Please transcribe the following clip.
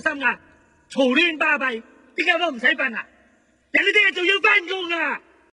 心啊，嘈喧巴閉，點解都唔使瞓啊！人哋聽日仲要翻工啊！